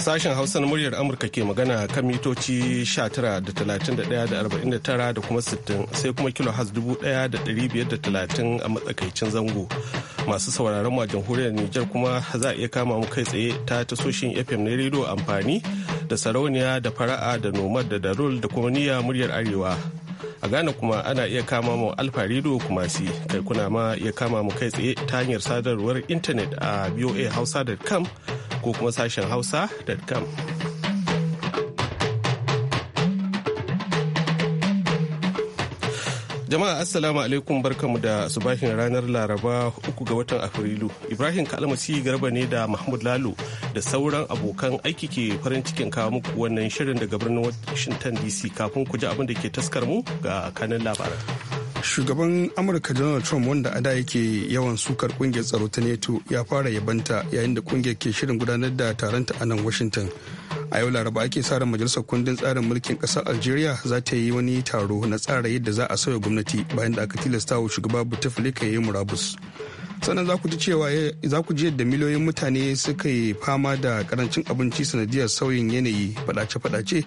Sashen Hausa na muryar Amurka ke magana kan mitoci 19.31.49 da kuma 60 sai kuma kilo has 1,530 a matsakaicin zango. Masu sauraron ma jamhuriyar Nijar kuma za a iya kama mu kai tsaye ta tasoshin FM na rediyo amfani da sarauniya da fara'a da nomad da darul da kuma niyya muryar arewa. a Ghana kuma ana iya kama mu Alfa rediyo kuma si kai kuna ma iya kama mu kai tsaye ta hanyar sadarwar intanet a voahausa.com ko kuma sashen hausa.com. jama'a assalamu alaikum barkamu da subahin ranar laraba uku ga watan afrilu ibrahim kalmasi garba ne da mahmud lalo da sauran abokan aiki ke farin cikin kawo muku wannan shirin daga birnin washington dc kafin ku ji abin da ke taskar mu ga kanin labaran shugaban amurka donald trump wanda a da yake yawan sukar kungiyar tsaro ta nato ya fara yabanta yayin da kungiyar ke shirin gudanar da taronta a nan washington a yau laraba ake sa ran majalisar kundin tsarin mulkin kasar algeria za ta yi wani taro na tsara yadda za a sauya gwamnati bayan da aka tilasta wa shugaba bouteflika ya yi murabus sannan za ku ji cewa za ku ji yadda miliyoyin mutane suka yi fama da karancin abinci sanadiyar sauyin yanayi fadace-fadace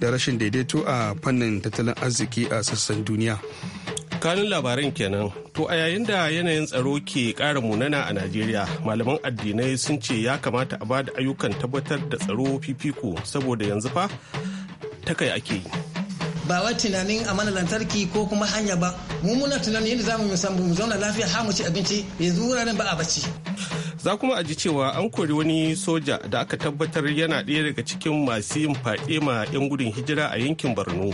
da rashin daidaito a fannin tattalin arziki a sassan duniya kanun labaran kenan to a yayin da yanayin tsaro ke kara munana a najeriya malaman addinai sun ce ya kamata a ba da ayyukan tabbatar da tsaro fifiko saboda yanzu fa ta kai ake yi ba wai tunanin a mana lantarki ko kuma hanya ba mu muna tunanin yadda zamu mu mu zauna lafiya har mu ci abinci yanzu wuraren ba a bacci za kuma a ji cewa an kori wani soja da aka tabbatar yana ɗaya daga cikin masu yin faɗe ma 'yan gudun hijira a yankin borno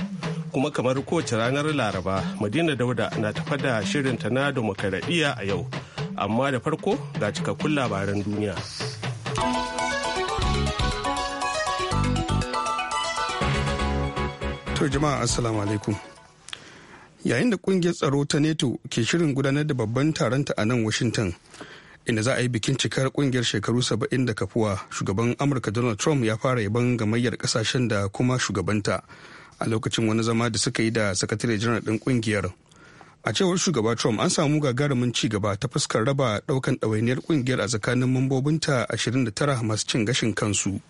kuma kamar kowace ranar laraba madina dauda na tafa da shirinta na demokaradiyya a yau amma da farko ga cikakkun labaran duniya to jama'a assalamu alaikum yayin da kungiyar tsaro ta neto ke shirin gudanar da babban taronta a nan washington inda za a yi bikin cikar kungiyar shekaru saba'in da kafuwa shugaban amurka donald trump ya fara yaban gamayyar kasashen da kuma shugabanta a lokacin wani zama da suka yi da sakatare janar ɗin ƙungiyar a cewar shugaba trump an samu gagarumin ci gaba ta fuskar raba ɗaukan ɗawainiyar ƙungiyar a tsakanin mambobinta 29 masu cin gashin kansu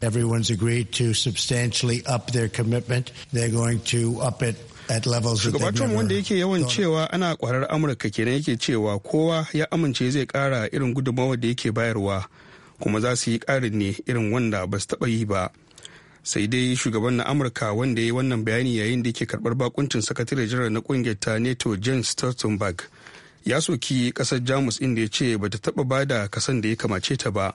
Everyone's agreed to substantially up commitment. They're going to up it Shugaba Trump wanda yake yawan cewa ana kwarar Amurka kenan yake cewa kowa ya amince zai kara irin gudummawar da yake bayarwa kuma za su yi karin ne irin wanda ba su taɓa yi ba. sai dai shugaban na amurka wanda ya yi wannan bayani yayin da yake karbar bakuncin sakatare jiran na kungiyar ta nato james stoltenberg ya soki kasar jamus inda ya ce bata taba da kasan da ya kamace ta ba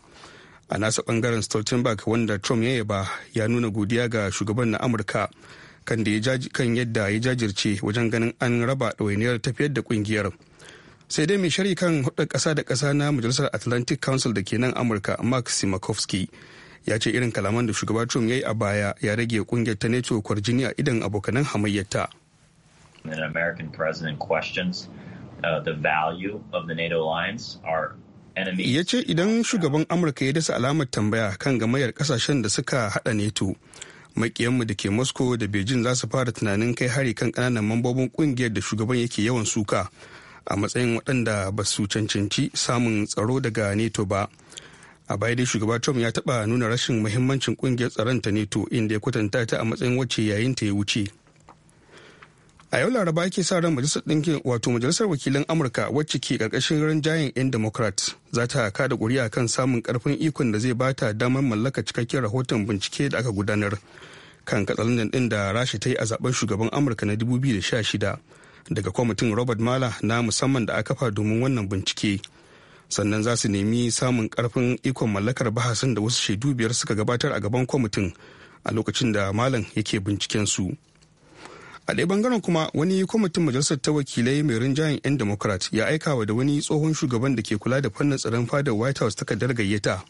a nasa bangaren stoltenberg wanda trump ya yaba ya nuna godiya ga shugaban na amurka kan yadda ya jajirce wajen ganin an raba ɗawainiyar tafiyar da kungiyar sai dai mai shari kan hudar kasa da kasa na majalisar atlantic council da ke nan amurka mark simakowski. ya ce irin kalaman da shugaba trump ya yi a baya ya rage kungiyar ta neto kwarjini a idan abokanan hamayyata uh, ya ce idan shugaban amurka ya dasa alamar tambaya kan gamayyar kasashen da suka hada neto makiyanmu da ke moscow da beijing za su fara tunanin kai hari kan kananan mambobin kungiyar da shugaban yake yawan suka a matsayin waɗanda ba su cancanci samun tsaro daga neto ba a baya dai shugaba trump ya taba nuna rashin muhimmancin kungiyar tsaron ta neto inda ya kwatanta ta a matsayin wacce yayin ta ya wuce a yau laraba ake sa ran majalisar ɗinkin wato majalisar wakilan amurka wacce ke ƙarƙashin rinjayen 'yan democrat za ta kada ƙuri'a kan samun ƙarfin ikon da zai bata damar mallaka cikakken rahoton bincike da aka gudanar kan katsalandan ɗin da rasha ta yi a zaben shugaban amurka na 2016 daga kwamitin robert mala na musamman da aka kafa domin wannan bincike sannan za su nemi samun karfin ikon mallakar bahasin da wasu shaidu biyar suka gabatar a gaban kwamitin a lokacin da malam yake binciken su a ɗaya bangaren kuma wani kwamitin majalisar ta wakilai mai rinjayen 'yan democrat ya aikawa da wani tsohon shugaban da ke kula da fannin tsaron fadar white house takardar gayyata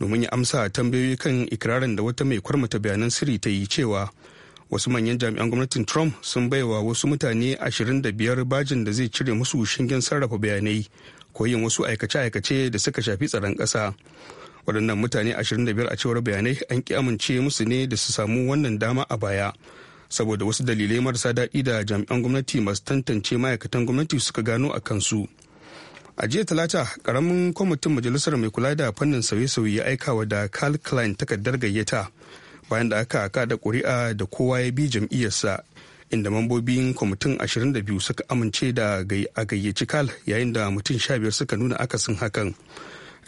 domin ya amsa tambayoyi kan ikirarin da wata mai kwarmata bayanan sirri ta yi cewa wasu manyan jami'an gwamnatin trump sun baiwa wasu mutane 25 bajin da zai cire musu shingen sarrafa bayanai ko yin wasu aikace-aikace da suka shafi tsaron ƙasa waɗannan mutane 25 a cewar bayanai an ki amince musu ne da su samu wannan dama a baya saboda wasu dalilai marasa daɗi da jami'an gwamnati masu tantance ma'aikatan gwamnati suka gano a kansu a jiya talata ƙaramin kwamitin majalisar mai kula da fannin sauye-sauye ya wa da cal klein takardar gayyata bayan da aka kada kuri'a da kowa ya bi jam'iyyarsa inda mambobin kwamitin 22 suka amince da a gayyaci kal yayin da mutum 15 suka nuna akasin hakan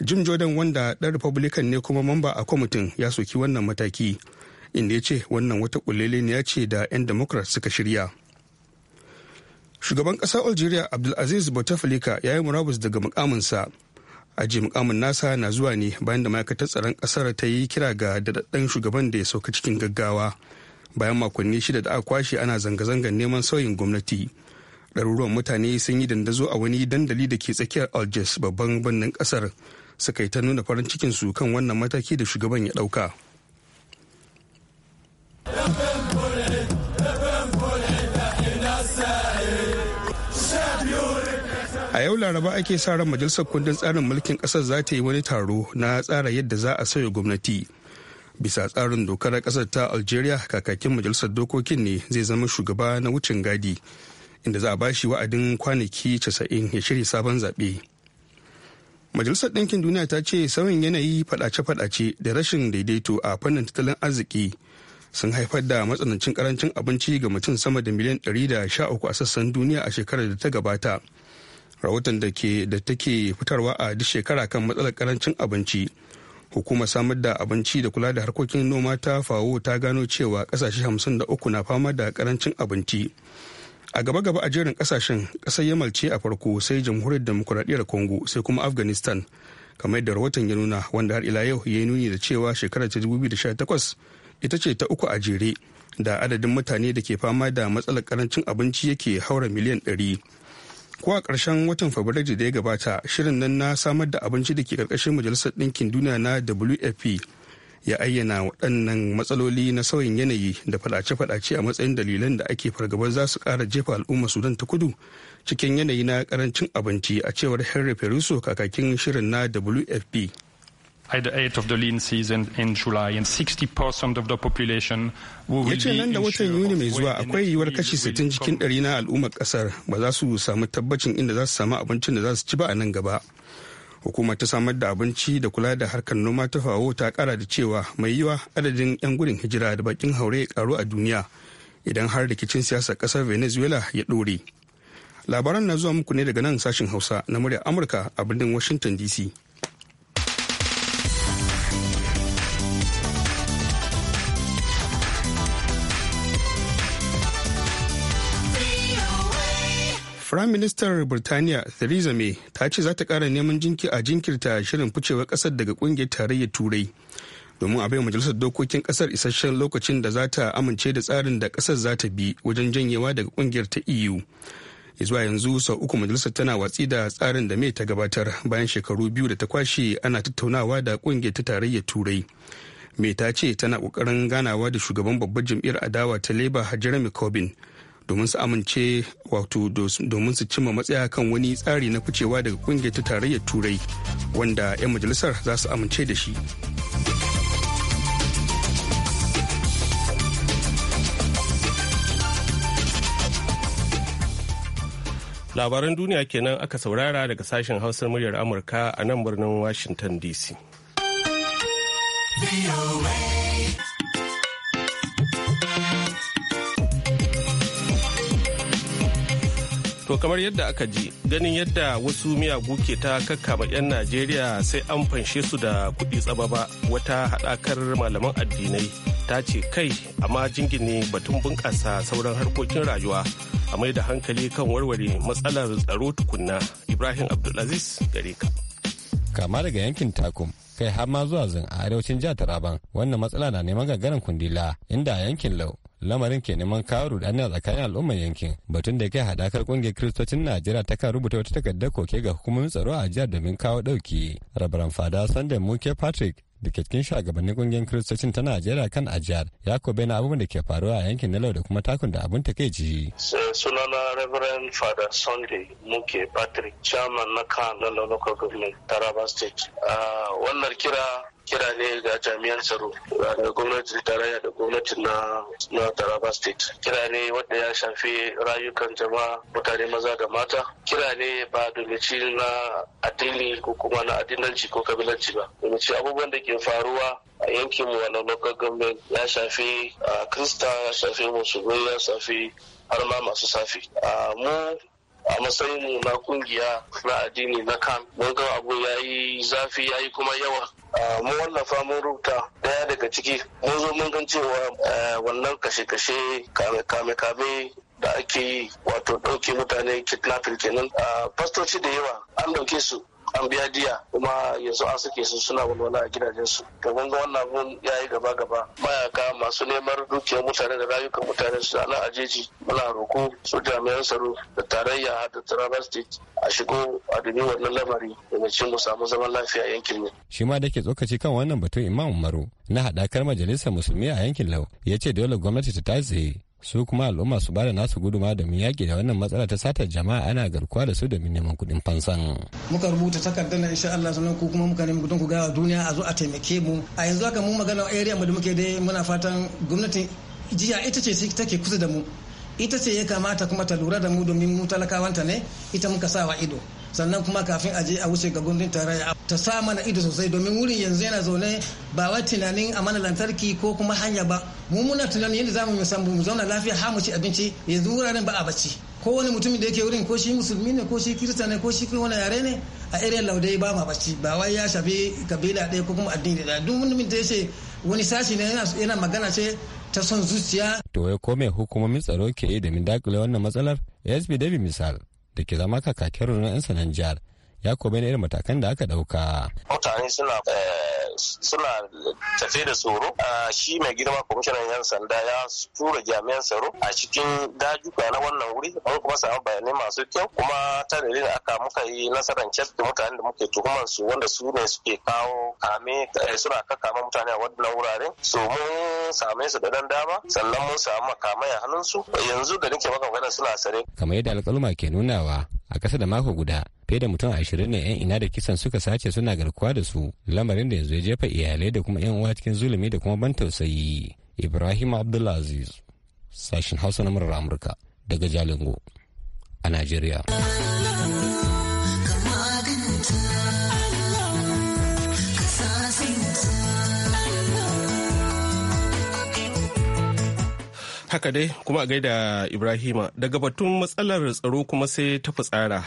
jim jordan wanda ɗan republican ne kuma mamba a kwamitin ya soki wannan mataki inda ya ce wannan wata ne ya ce da 'yan democrat suka shirya shugaban ƙasar algeria abdulaziz bouteflika ya yi murabus daga mukaminsa aji mukamin nasa na zuwa ne bayan da ma'aikatar tsaron kasar ta yi kira ga daɗaɗɗen shugaban da ya sauka cikin gaggawa bayan makonni shida da aka kwashe ana zanga-zangar neman sauyin gwamnati ɗaruruwan mutane sun yi dandazo a wani dandali da ke tsakiyar algiers babban birnin kasar suka yi ta nuna farin cikin su kan wannan mataki da shugaban ya ɗauka. a yau laraba ake sa ran majalisar kundin tsarin mulkin kasar za ta yi wani taro na tsara yadda za a sauya gwamnati bisa tsarin dokar kasar ta algeria kakakin majalisar dokokin ne zai zama shugaba na wucin gadi inda za a shi wa'adin kwanaki casa'in ya shirya sabon zaɓe majalisar ɗinkin duniya ta ce sauyin yanayi faɗace-faɗace da rashin daidaito a fannin tattalin arziki sun haifar da matsanancin karancin abinci ga mutum sama da miliyan 113 a sassan duniya a shekarar da ta gabata rahoton da ke da take fitarwa a duk shekara kan matsalar karancin abinci hukumar samar da abinci da kula da harkokin noma ta fawo ta gano cewa kasashe 53 na fama da karancin abinci a gaba gaba a jerin kasashen kasar yamal ce a farko sai jamhuriyar demokuraɗiyyar congo sai kuma afghanistan kamar yadda rahoton ya nuna wanda har ila yau ya nuni da cewa shekarar ta 2018 ita ce ta uku a jere da adadin mutane da ke fama da matsalar karancin abinci yake haura miliyan 100 ko a ƙarshen watan fabrairu da ya gabata shirin nan na samar da abinci da ke ƙarƙashin majalisar ɗinkin duniya na wfp ya ayyana waɗannan matsaloli na sauyin yanayi da faɗace-faɗace a matsayin dalilan da ake fargabar za su ƙara jefa al'umma sudan ta kudu cikin yanayi na ƙarancin abinci a cewar henry peruso kakakin shirin na wfp at the height of the lean season in July, and 60% of the population will be nan da watan Yuni mai zuwa akwai yiwuwar kashi 60 cikin ɗari na al'ummar kasar ba za su samu tabbacin inda za su samu abincin da za su ci ba a nan gaba. hukuma ta samar da abinci da kula da harkar noma ta fawo ta kara da cewa mai yiwa adadin 'yan gudun hijira da bakin haure ya karu a duniya idan har rikicin siyasar kasar Venezuela ya dore. Labaran na zuwa muku ne daga nan sashen Hausa na murya Amurka a birnin Washington DC. Firaministar Birtaniya Theresa May ta ce za ta ƙara neman jinki a jinkirta shirin ficewar ƙasar daga kungiyar tarayyar Turai. Domin a bai majalisar dokokin ƙasar isasshen lokacin da za ta amince da tsarin da kasar za ta bi wajen janyewa daga ƙungiyar ta EU. Zuwa yanzu sau uku majalisar tana watsi da tsarin da May ta gabatar bayan shekaru biyu da ta kwashe ana tattaunawa da ƙungiyar ta tarayyar Turai. May ta ce tana ƙoƙarin ganawa da shugaban babbar jam'iyyar adawa ta Labour Jeremy Corbyn. domin su amince wato domin su cimma matsaya kan wani tsari na ficewa daga kungiyar ta tarayyar turai wanda 'yan majalisar za su amince da shi labaran duniya kenan aka saurara daga sashen hausar muryar amurka a nan birnin washington dc To kamar yadda aka ji ganin yadda wasu miyagu ke ta kakkama 'yan Najeriya sai an fanshe su da kuɗi tsababa wata haɗakar malaman addinai ta ce kai amma jingine batun bunƙasa sauran harkokin rayuwa a mai da hankali kan warware matsalar tsaro tukunna Ibrahim Abdulaziz gare ka. Kama daga yankin takum kai har ma zuwa zin a arewacin jihar Taraban wannan matsala na neman gagarin kundila inda a yankin lau lamarin ke neman kawo rudani a tsakanin al'ummar yankin batun da kai hadakar kungiyar kiristocin najeriya ta kan rubuta wata takardar koke ga hukumomin tsaro a jihar domin kawo dauki rabaran fada sunday muke patrick da ke cikin shugabannin kungiyar kiristocin ta najeriya kan ajiyar ya ko na abubuwan da ke faruwa a yankin na da kuma takun da abin ji. sunana reverend father sunday muke patrick chairman na kan na local government taraba state ah, wannan kira kira ne ga jami'an tsaro da gwamnatin tarayya da gwamnatin na na taraba state kira ne wanda ya shafi rayukan jama'a mutane maza da mata kira ne ba domici na addini ko kuma na addinanci ko kabilanci ba domici abubuwan da ke faruwa a yankin mu wannan local government ya shafi krista ya shafi musulmi ya shafi har ma masu safi mu a matsayin mu na kungiya na addini na kam mun ga abu yayi zafi yayi kuma yawa Eh, mu wallafa mun rubuta daya daga ciki mun zo mun gan cewa eh, wannan kashe-kashe kame-kame da ake yi wato ɗauke mutane kidnapping kenan ah, fastoci da yawa an ɗauke su an biya diya kuma yanzu an suke su suna walwala a gidajensu to mun ga wannan abun ya gaba gaba mayaka masu neman dukiyar mutane da rayukan mutane su ana ajeji muna roko su jami'an tsaro da tarayya da travel state a shigo a duni wannan lamari da cin mu samu zaman lafiya a yankin mu. shi ma da ke tsokaci kan wannan batun imam umaru na haɗakar majalisar musulmi a yankin lau ya ce dole gwamnati ta tsaye su kuma al'umma su bada nasu guduma domin yaƙi da wannan matsala ta satar jama'a ana garkuwa da su domin neman kuɗin fansan. muka rubuta takardar na insha Allah sannan ku kuma muka nemi kudin ku gawa duniya a zo a taimake mu a yanzu haka mu magana area mu da muke dai muna fatan gwamnatin jiya ita ce take kusa da mu ita ce ya kamata kuma ta lura da mu domin mu talakawanta ne ita muka sawa ido sannan kuma kafin a je a wuce ga gundun tarayya ta sa mana ido sosai domin wurin yanzu yana zaune ba wa tunanin a mana lantarki ko kuma hanya ba mu muna tunanin yadda zamu mu mu zauna lafiya har mu ci abinci yanzu wuraren ba a bacci ko wani mutumin da yake wurin ko shi musulmi ne ko shi kirista ne ko shi kai wani yare ne a irin laudai ba ma bacci ba wai ya shafi kabila ɗaya ko kuma addini ɗaya duk mutumin da ya wani sashi ne yana magana ce ta son zuciya. To ya kome hukumomin tsaro ke yi da min dakile wannan matsalar? SB bi misal da ke zama kakakin rundunar 'yan sanan jihar ya na irin matakan da aka ɗauka. Mutane suna eh, suna tafe da tsoro a shi mai girma kwamishinan yan sanda ya tura jami'an tsaro a cikin dajuka na wannan wuri mun kuma samu bayanai masu kyau kuma ta da aka muka yi nasarar cef da mutanen da muke tuhumar su wanda su ne suke kawo kame eh, suna kakama mutane a wannan wuraren so mun same su da dan dama sannan mun samu makamai a hannunsu yanzu da nake maka magana suna sare. kamar yadda alƙaluma ke nunawa a ƙasa da mako guda fiye da mutum ashirin ne 'yan ina da kisan suka sace suna garkuwa da su lamarin da yanzu ya jefa iyalai da kuma 'yan uwa cikin zulumi da kuma ban tausayi ibrahim abdulaziz sashen hausa na murar amurka daga jalingo a najeriya haka dai kuma a gaida ibrahima daga batun matsalar tsaro kuma sai ta fitsara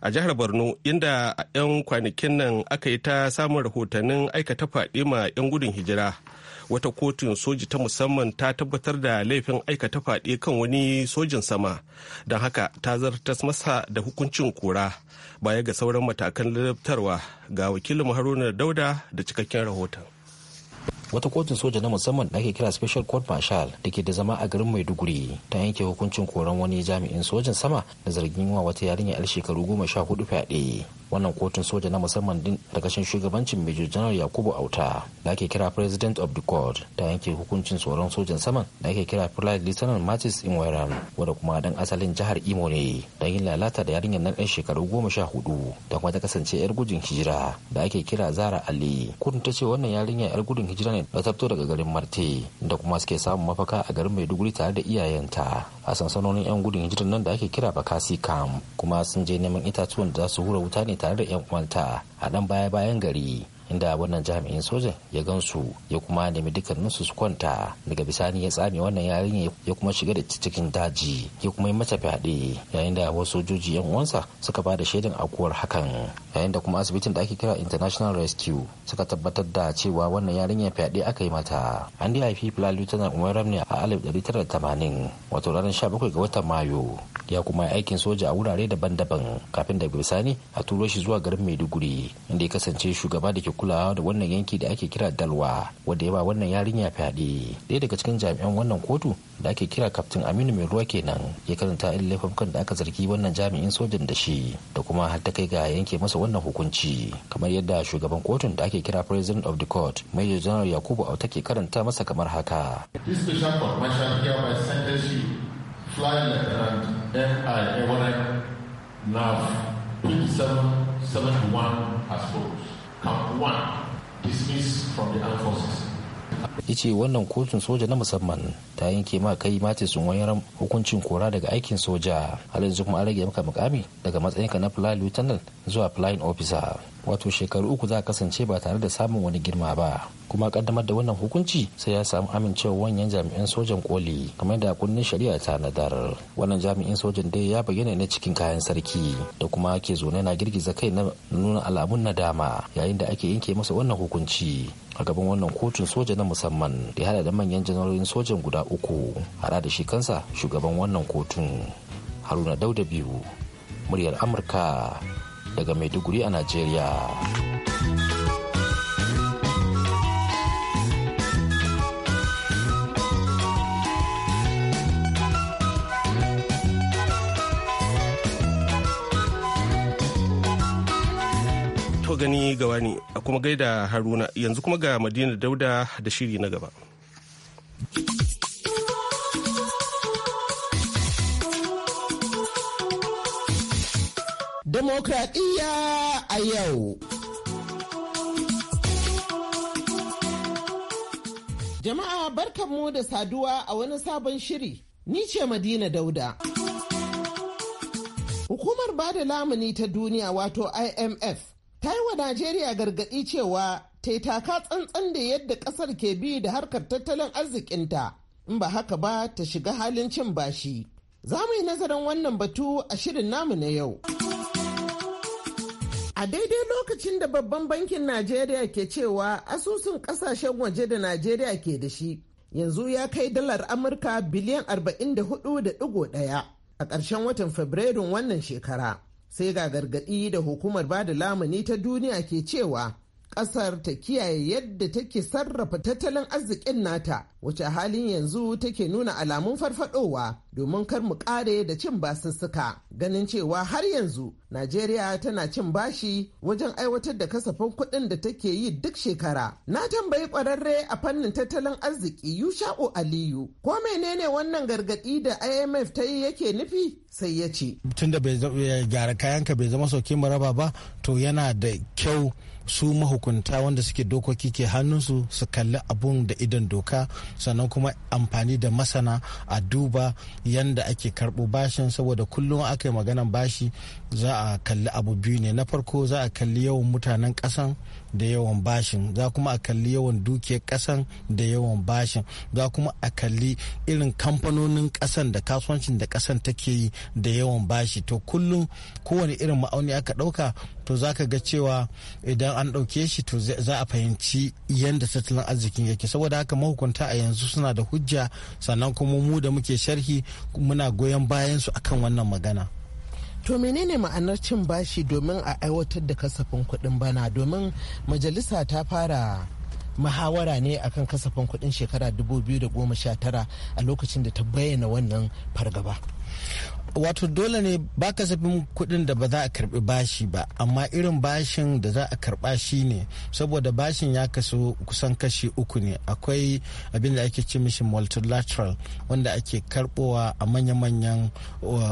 a jihar borno inda a 'yan kwanakin nan aka yi ta samun rahotannin aikata fyaɗe ma 'yan gudun hijira wata kotun soji ta musamman ta tabbatar da laifin aikata fyaɗe kan wani sojin sama don haka ta zartas masa da hukuncin kura baya ga sauran matakan lalabtarwa ga wakilin haruna dauda da cikakken rahoton wata kotun soja na musamman da ake kira special court marshal da ke da zama a garin maiduguri ta yanke hukuncin koran wani jami'in sojan sama da zargin wa wata yarinya yar shekaru goma sha hudu fyaɗe wannan kotun soja na musamman din karkashin shugabancin major general yakubu auta da ake kira president of the court ta yanke hukuncin tsoron sojan saman da ake kira flight lieutenant matis inwairan wanda kuma dan asalin jihar imo ne don yin lalata da yarinyar na yan shekaru goma sha hudu da kuma ta kasance yar gudun hijira da ake kira zara ali kudin ta ce wannan yarinyar yar gudun hijira ne da ta daga garin marte da kuma suke samun mafaka a garin maiduguri tare da iyayenta a sansanonin yan gudun hijirar nan da ake kira bakasi kam kuma sun je neman itatuwan da za su hura wuta ne tare da 'yan uwanta a nan baya bayan gari inda wannan jami'in sojan ya gansu ya kuma nemi dukkaninsu su kwanta daga bisani ya tsame wannan yarinya ya kuma shiga da cikin daji ya kuma yi mata fyaɗe yayin da wasu sojoji yan uwansa suka ba da shaidan akuwar hakan yayin da kuma asibitin da ake kira international rescue suka tabbatar da cewa wannan yarinya fyaɗe aka yi mata an dai haifi fulani tana umar ramni a 1980 wato ranar 17 ga watan mayu ya kuma yi aikin soja a wurare daban-daban kafin da bisani a turo shi zuwa garin maiduguri inda ya kasance shugaba da ke kulawa da wannan yanki da ake kira dalwa wanda ya ba wannan yarinya fyaɗe ɗaya daga cikin jami'an wannan kotu da ake kira kaftin aminu mai ruwa kenan ya karanta irin kan da aka zargi wannan jami'in sojan da shi da kuma har ta kai ga yanke masa wannan hukunci kamar yadda shugaban kotun da ake kira president of the court major general yakubu auta ke karanta masa kamar haka this special convention by sentence you flying lieutenant NIANF NAV 2771 as follows. Camp 1 dismissed from the armed forces. ya ce wannan kotun soja na musamman ta yanke ma kai mati sun wani hukuncin kora daga aikin soja har yanzu kuma an rage maka mukami daga matsayinka na fly lieutenant zuwa flying officer wato shekaru uku za kasance ba tare da samun wani girma ba kuma kaddamar da wannan hukunci sai ya samu amincewar wanyan jami'an sojan koli kamar da kunnen shari'a ta nadar wannan jami'in sojan dai ya bayyana ne cikin kayan sarki da kuma ke zone na girgiza kai na nuna alamun nadama yayin da ake yanke masa wannan hukunci a gaban wannan kotun soja na musamman musamman da ya hada da manyan janarorin sojan guda uku hada da shi kansa shugaban wannan kotun haruna dauda biyu muryar amurka daga maiduguri a nigeria. To gani gawa ne a kuma gaida Haruna yanzu kuma ga Madina Dauda da shiri na gaba. Demokradiyya a yau. Jama'a barkanmu da saduwa a wani sabon shiri, ni ce Madina Dauda. Hukumar ba da lamuni ta duniya wato IMF ta yi wa najeriya gargaɗi cewa ta yi taka tsantsan da yadda ƙasar ke bi da harkar tattalin arzikinta in ba haka ba ta shiga halin cin bashi za mu yi nazarin wannan batu a shirin namu na yau a daidai lokacin da babban bankin najeriya ke cewa asusun ƙasashen waje da najeriya ke da shi yanzu ya kai dalar amurka biliyan 44.1 a ƙarshen watan fabrairun wannan shekara sai ga gargaɗi da hukumar bada lamuni ta duniya ke cewa kasar ta kiyaye yadda take sarrafa tattalin arzikin nata wacce halin yanzu take nuna alamun farfadowa domin kar mu kare da cin basussuka ganin cewa har yanzu najeriya tana cin bashi wajen aiwatar da kasafin kuɗin da take yi duk shekara na tambayi kwararre a fannin tattalin arziki yusha'u aliyu ko menene wannan gargaɗi da imf ta yi yake nufi sai ya ce tunda bai gyara kayanka bai zama sauki maraba ba to yana da kyau su mahukunta wanda suke dokoki ke hannunsu su kalli abun da idan doka sannan kuma amfani da masana a duba yanda ake karɓo bashin saboda kullum aka yi maganan bashi za a kalli abu biyu ne na farko za a kalli yawan mutanen kasan da yawan bashin za kuma a kalli yawan dukiyar kasan da yawan bashin za kuma a kalli irin kamfanonin kasan da kasuwancin da kasan take yi da yawan bashi to kullum kowane irin ma'auni aka ɗauka to za ka ga cewa idan an ɗauke shi to za a fahimci yadda tattalin arzikin yake saboda haka mahukunta a yanzu suna da hujja sannan kuma mu da muke sharhi muna goyon bayan su akan wannan magana to menene ma'anar cin bashi domin a aiwatar da kasafin kuɗin bana domin majalisa ta fara muhawara ne akan kasafin kuɗin shekara 2019 a lokacin da ta bayyana wannan fargaba wato dole ne ba kasafin kudin da ba za a karbi bashi ba amma irin bashin da za a karba shi ne saboda bashin ya kasu kusan kashi uku ne akwai abin da ake ce mishi multilateral wanda ake karbowa a manya-manyan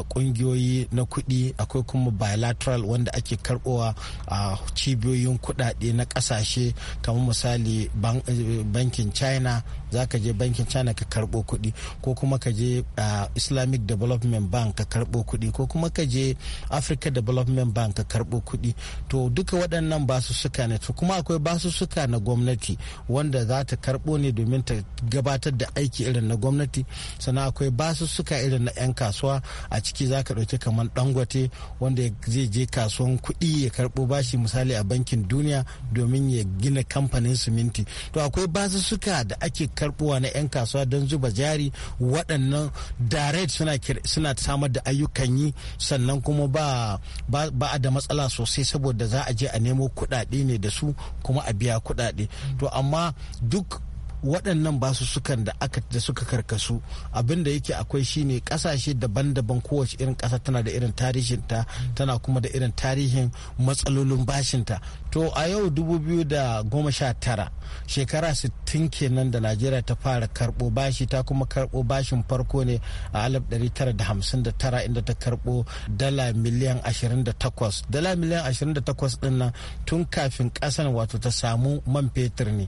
kungiyoyi uh, na kuɗi akwai kuma bilateral wanda ake karbowa a cibiyoyin kuɗaɗe na ƙasashe kamar misali uh, bankin china za ka je bankin china ka karbo kuɗi ko kuma ka je uh, islamic development development bank ka karbo kuɗi ko kuma ka je africa development bank ka karbo kudi to duka waɗannan basussuka ne to kuma akwai basussuka na gwamnati wanda za ta karbo ne domin ta gabatar da aiki irin na gwamnati sannan akwai basussuka irin na 'yan kasuwa a ciki za ka ɗauki kamar dangote wanda zai je kasuwan kudi ya karbo bashi misali a bankin duniya domin ya gina kamfanin siminti to akwai basussuka da ake karbuwa na 'yan kasuwa don zuba jari waɗannan direct suna suna samar da ayyukan yi sannan kuma ba ba a da matsala sosai saboda za a je a nemo kuɗaɗe ne da su kuma a biya kuɗaɗe to amma duk waɗannan sukan da aka da suka karkasu abin da yake akwai shine ƙasashe daban-daban kowace irin kasa tana da irin tarihinta tana kuma da irin tarihin matsalolin bashinta to a yau 2019 shekara 60 kenan da najeriya ta fara karbo bashi ta kuma karbo bashin farko ne a 1959 inda ta karbo dala miliyan 28 dala miliyan 28 din nan tun kafin kasan wato ta samu man fetur ne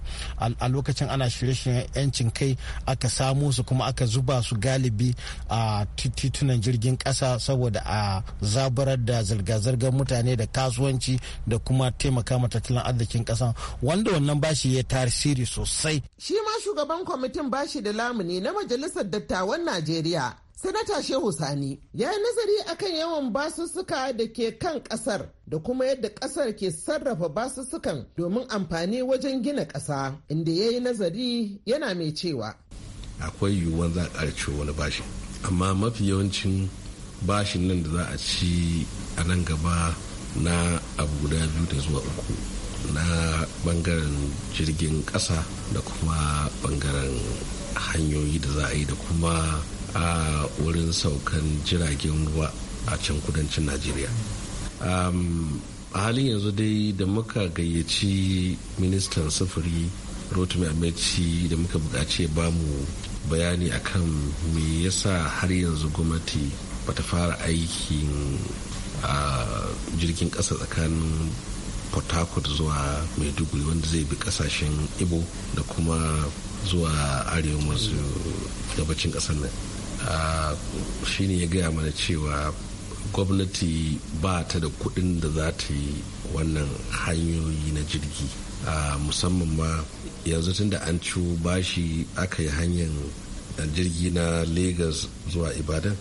a lokacin ana shirye-shiryen yancin kai aka samu su kuma aka zuba su galibi a titunan jirgin kasa saboda a zabarar da zirga-zirgar mutane da kasuwanci da kuma taimaka kama tattalin arzikin ƙasa wanda wannan bashi ya tasiri sosai. Shi ma shugaban kwamitin bashi da lamuni na Majalisar Dattawan Najeriya Sanata Shehu Sani ya yi nazari akan yawan basussuka da ke kan kasar da kuma yadda kasar ke sarrafa basussukan domin amfani wajen gina ƙasa inda ya yi nazari yana mai cewa. Akwai yiwuwar za a wani bashi, amma mafi yawancin bashin nan da za a ci a nan gaba na abu guda biyu da zuwa uku na bangaren jirgin ƙasa da kuma bangaren hanyoyi da za a yi da kuma a wurin saukan jiragen ruwa a can kudancin najeriya a halin yanzu dai da muka gayyaci ministan sufuri rotimi amechi da muka bukaci ba mu bayani akan me yasa har yanzu gwamnati bata fara aikin a jirgin kasa tsakanin port harcourt zuwa maiduguri wanda zai bi kasashen ibo da kuma zuwa arewa masu gabacin ƙasar nan shi ne ya gaya mana cewa gwamnati ba ta da kuɗin da za ta yi wannan hanyoyi na jirgi a musamman ma yanzu tun da an ciwo bashi aka yi hanyar jirgi na lagos zuwa ibadan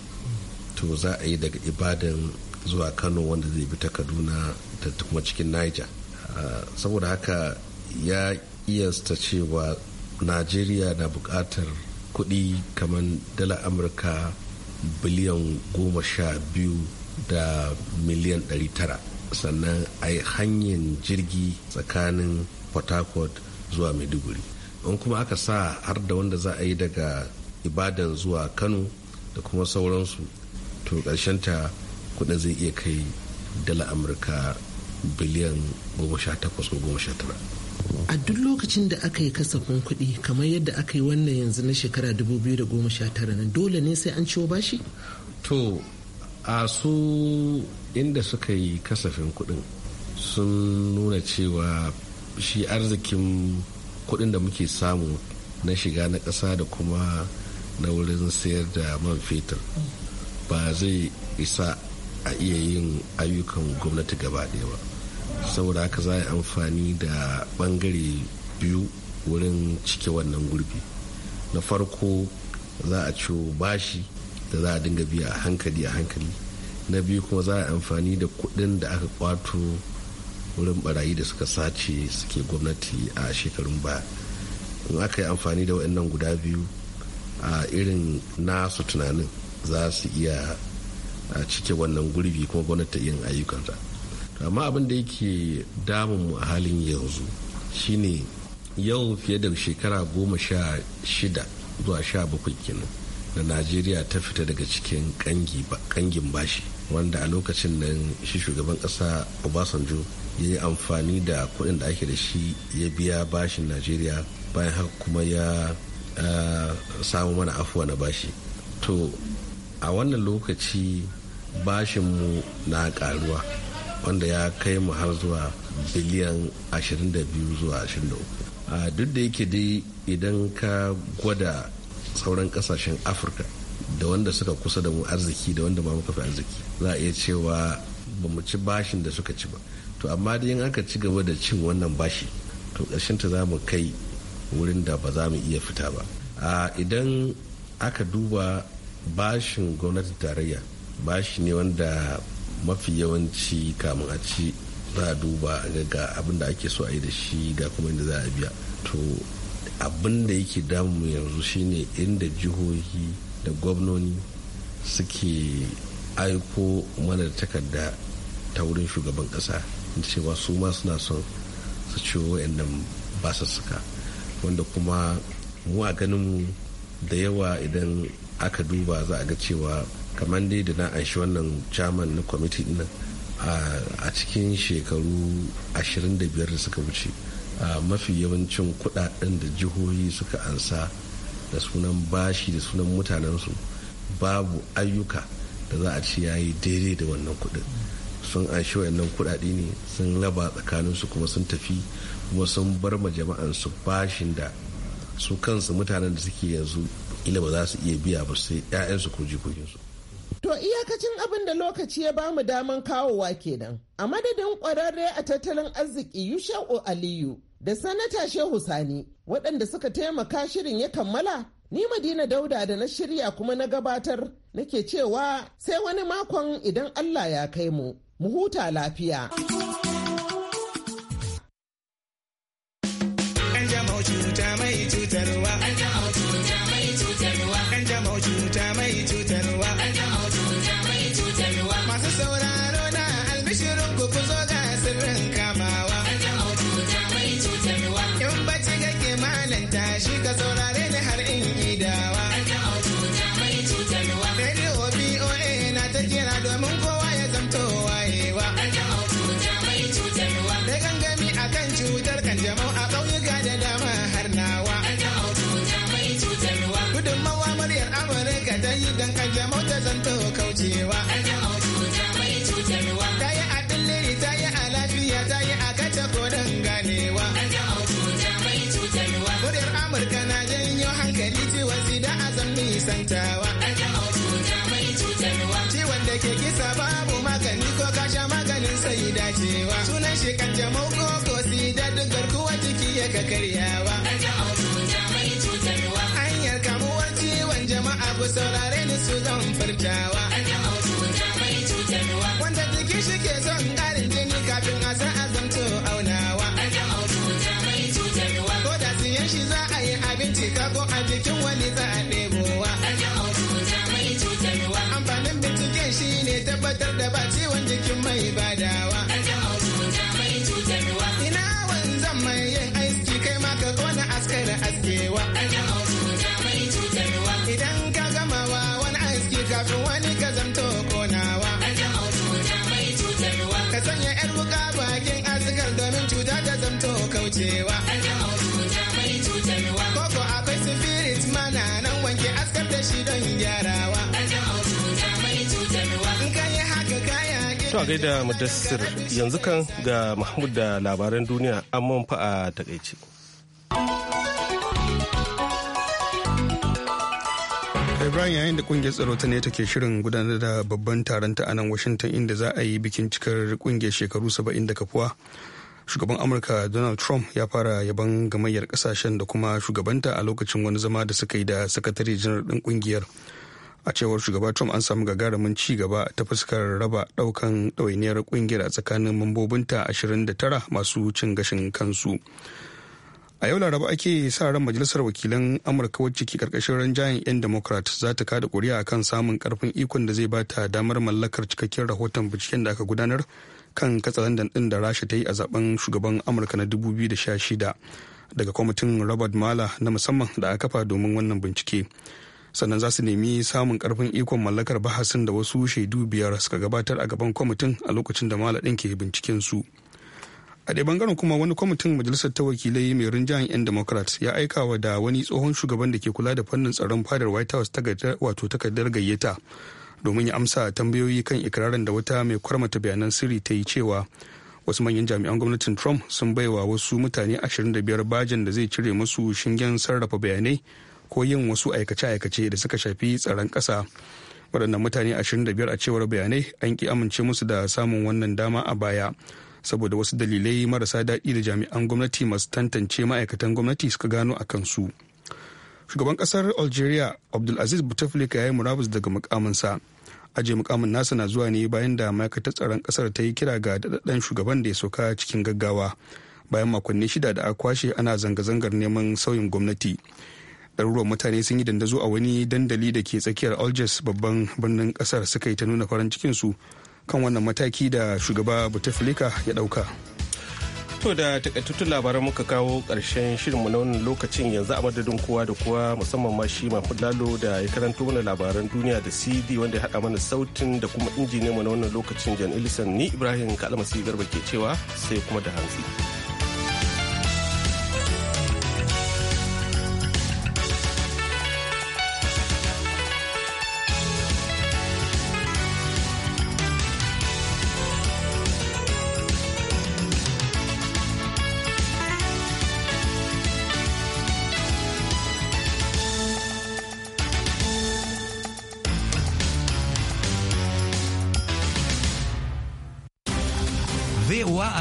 to za a yi daga ibadan zuwa kano wanda zai bi ta kaduna da kuma cikin niger ah, saboda haka ya iyasta cewa najeriya na buƙatar kuɗi kamar dala amurka biliyan goma sha biyu da miliyan ɗari tara sannan a yi hanyar jirgi tsakanin port harcourt zuwa maiduguri in kuma aka sa har da wanda za a yi daga ibadan zuwa kano da kuma sauransu to ta kudin zai iya kai dala amurka biliyan goma sha a duk lokacin da aka yi kasafin kuɗi kamar yadda aka yi wannan yanzu na shekara 2019 nan dole ne sai an ciwo bashi? to a su inda suka yi kasafin kuɗin sun nuna cewa shi arzikin kuɗin da muke samu na shiga na ƙasa da kuma na wurin sayar da man fetur ba zai isa a iya yin ayyukan gwamnati gaba ɗaya ba saboda haka za a yi amfani da bangare biyu wurin cike wannan gurbi na farko za a ciwo bashi da za a dinga biya a hankali a hankali na biyu kuma za a yi amfani da kuɗin da aka kwato wurin barayi da suka sace suke gwamnati a shekarun baya in aka yi amfani da waɗannan guda biyu a irin nasu tunanin za su iya a cike wannan gurbi kuma gwamnati yin ayyukanta amma abin da yake damun mu a halin yanzu shine yau fiye da shekara goma sha shida zuwa sha bakwai kenan da najeriya ta fita daga cikin kangin bashi wanda a lokacin nan shi shugaban kasa obasanjo ya yi amfani da kuɗin da ake da shi ya biya bashin najeriya bayan haka kuma ya eh, samu mana afuwa na bashi to a wannan lokaci bashinmu na karuwa wanda ya kai mu har zuwa biliyan 22 zuwa 23 a duk da yake dai idan ka gwada sauran kasashen afirka da wanda suka kusa da mu arziki da wanda ba muka fi arziki za a iya cewa ba mu ci bashin da suka ci ba to amma dai in aka ci gaba da cin wannan bashi to ta za mu kai wurin da ba za mu iya fita ba a idan aka duba bashin gwamnatin tarayya bashi ne wanda mafi yawanci kamun a ci za a duba ga abin da ake so a yi da shi ga kuma inda za a biya to abin da yake damu yanzu shine inda jihohi da gwamnoni suke aiko mana takarda ta wurin shugaban kasa cewa su ma suna son su ciwo wa'annan suka wanda kuma mu a ganinmu da yawa idan aka duba za a ga cewa kamar dai da na anshi wannan chairman na kwamiti nan a cikin shekaru 25 da suka wuce mafi yawancin kudaden da jihohi suka ansa da sunan bashi da sunan mutanensu babu ayyuka da za a ci yayi daidai da wannan kudin sun anshi wannan kudade ne sun laba tsakaninsu kuma sun tafi kuma sun bar ma jama'an bashin da su kansu mutanen da suke yanzu kila ba za su iya biya ba sai 'ya'yansu ko jikokinsu To iyakacin abin da lokaci ya bamu daman kawowa kenan. A madadin kwararre a tattalin arziki Yusha'u Aliyu da sanata Shehu Sani waɗanda suka taimaka shirin ya kammala ni Madina Dauda da na shirya kuma na gabatar nake cewa sai wani makon idan Allah ya kai mu. Mu huta lafiya. cuta mai cutarwa. zanto kaucewa ta yi a billiri ta yi a lafiya ta yi a kace koren ganewa muryar amurka na janyo hankali ciwon sida a zan nisantawa ciwon da ke kisa babu magani ko kasha maganin sai dacewa sunan shi kan ko ko sida duk garkuwa jiki ya ka karyawa hanyar kamuwar ciwon jama'a bu saurare su zan furtawa wanda jiki shi ke son karin jini kafin a san azamto aunawa ko da siyan shi za a yi abinci kago a jikin wani za a ɗebowa amfanin binciken shi ne tabbatar da ba ciwon jikin mai badawa sanya yar wuka bakin asikar domin cuta ta zamto kaucewa koko akwai spirit mana nan wanke askar da shi don gyarawa To a gaida mudassir yanzu kan ga Mahmud da labaran duniya an fa a takaice. Ibrahim yayin da kungiyar tsaro ta ne take shirin gudanar da babban taron ta a nan Washington inda za a yi bikin cikar kungiyar shekaru 70 da kafuwa. Shugaban Amurka Donald Trump ya fara yaban gamayyar kasashen da kuma shugabanta a lokacin wani zama da suka yi da sakatare janar din kungiyar. A cewar shugaba Trump an samu gagarumin ci gaba ta fuskar raba daukan ɗawainiyar kungiyar a tsakanin mambobinta 29 masu cin gashin kansu. a yau laraba ake sa ran majalisar wakilan amurka wacce ke karkashin ranjayen 'yan democrat za ta kada kuri'a kan samun karfin ikon da zai bata damar mallakar cikakken rahoton binciken da aka gudanar kan katsalandan din da rasha ta yi a zaben shugaban amurka na 2016 daga kwamitin robert mala na musamman da aka kafa domin wannan bincike sannan za su nemi samun karfin ikon mallakar bahasin da wasu shaidu biyar suka gabatar a gaban kwamitin a lokacin da mala ɗin ke binciken su. a ɗaya bangaren kuma wani kwamitin majalisar ta wakilai mai rinjayen 'yan democrats ya aika wa da wani tsohon shugaban da ke kula da fannin tsaron fadar white house wato takardar gayyata domin ya amsa tambayoyi kan ikirarin da wata mai kwarmata bayanan sirri ta yi cewa wasu manyan jami'an gwamnatin trump sun bai wa wasu mutane 25 bajin da zai cire musu shingen sarrafa bayanai ko yin wasu aikace-aikace da suka shafi tsaron ƙasa waɗannan mutane 25 a cewar bayanai an ki amince musu da samun wannan dama a baya saboda wasu dalilai marasa daɗi da jami'an gwamnati masu tantance ma'aikatan gwamnati suka gano a kansu shugaban kasar algeria abdulaziz bouteflika ya yi murabus daga mukaminsa aje mukamin nasa na zuwa ne bayan da ma'aikatar tsaron kasar ta yi kira ga daɗaɗɗen shugaban da ya sauka cikin gaggawa bayan makonni shida da aka kwashe ana zanga-zangar neman sauyin gwamnati ɗaruruwan mutane sun yi dandazo a wani dandali da ke tsakiyar algiers babban birnin kasar suka yi ta nuna farin cikinsu kan wannan mataki da shugaba Bouteflika ya dauka. To da takaitattun labaran muka kawo ƙarshen shirinmu na wannan lokacin yanzu a madadin kowa da kowa musamman ma shi ma Lalo da ya karanto mana labaran duniya da CD wanda ya haɗa mana sautin da kuma mu na wannan lokacin Jan Ellison ni Ibrahim Kalmasi Garba ke cewa sai kuma da hantsi.